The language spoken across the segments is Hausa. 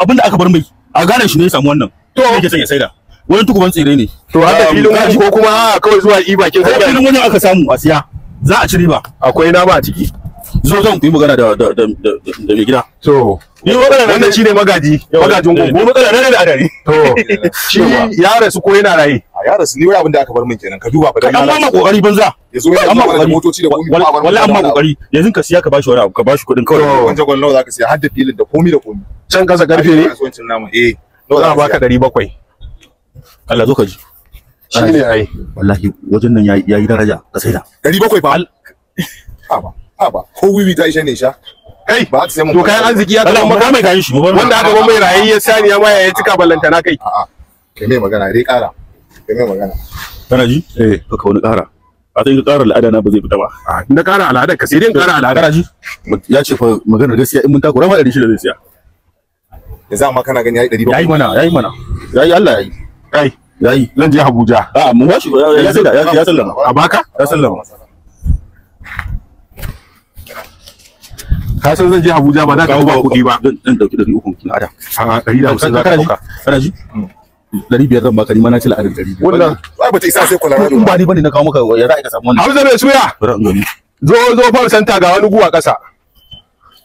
abin da aka bar mai a gane shi ne ya samu wannan to yake son ya saida wani tukuban tsire ne to haka filin wani ko kuma a kawai zuwa yi bakin sai filin wani aka samu a siya za a ci riba akwai nama a ciki zo zan ku yi magana da da da da mai gida to ni wannan shi ne magaji magajin gungu eh. tsara nan da adari to shi ya rasu ko yana raye ya rasu ni wani abin da aka bar min kenan ka duba fa da Allah ma kokari banza ya zo yana zuwa da motoci da komai a wallahi amma kokari yanzu ka siya ka bashi wani abu ka bashi kuɗin kawai wancan gwal nawa zaka siya har da filin da komi da komi. can kasa karfe ne kasuwancin namu eh nawa a baka 700 Allah zo ka ji shi ne ai wallahi wajen nan yayi daraja ka sai 700 fa haba haba ko wiwi ta ishe ne sha kai ba ta sai mun to kayan arziki ya mai shi wanda aka ba mai rayayye saniya ma ya cika ballanta kai a'a kai mai magana dai kara kai magana kana ji eh to ka wani kara a sai ka ƙara al'ada na ba zai fita ba ah, na ƙara al'ada ka sai dai ƙara al'ada shi ya ce fa maganar gaskiya in mun takura ma ɗari shida zai siya yanzu amma kana gani yayi ɗari ba yayi mana yayi mana yayi Allah yayi kai yayi zan je Abuja a mun washi ya sallama ya sallama a baka ya sallama ka san zan je Abuja ba za ka ba kuɗi ba zan dauki ɗari uku kin ada a ah, ɗari da hamsin za ka ɗauka kana ji hmm. dari biyar zan baka ni ma na ci la'adar dari biyar wannan ba ta isa sai kwalara in ba ni bane na kawo maka ya za'a ka samu wannan Hamza bai suya zo zo fara santa ga wani guwa kasa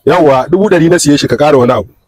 yawa dubu dari na siye shi ka kara wani abu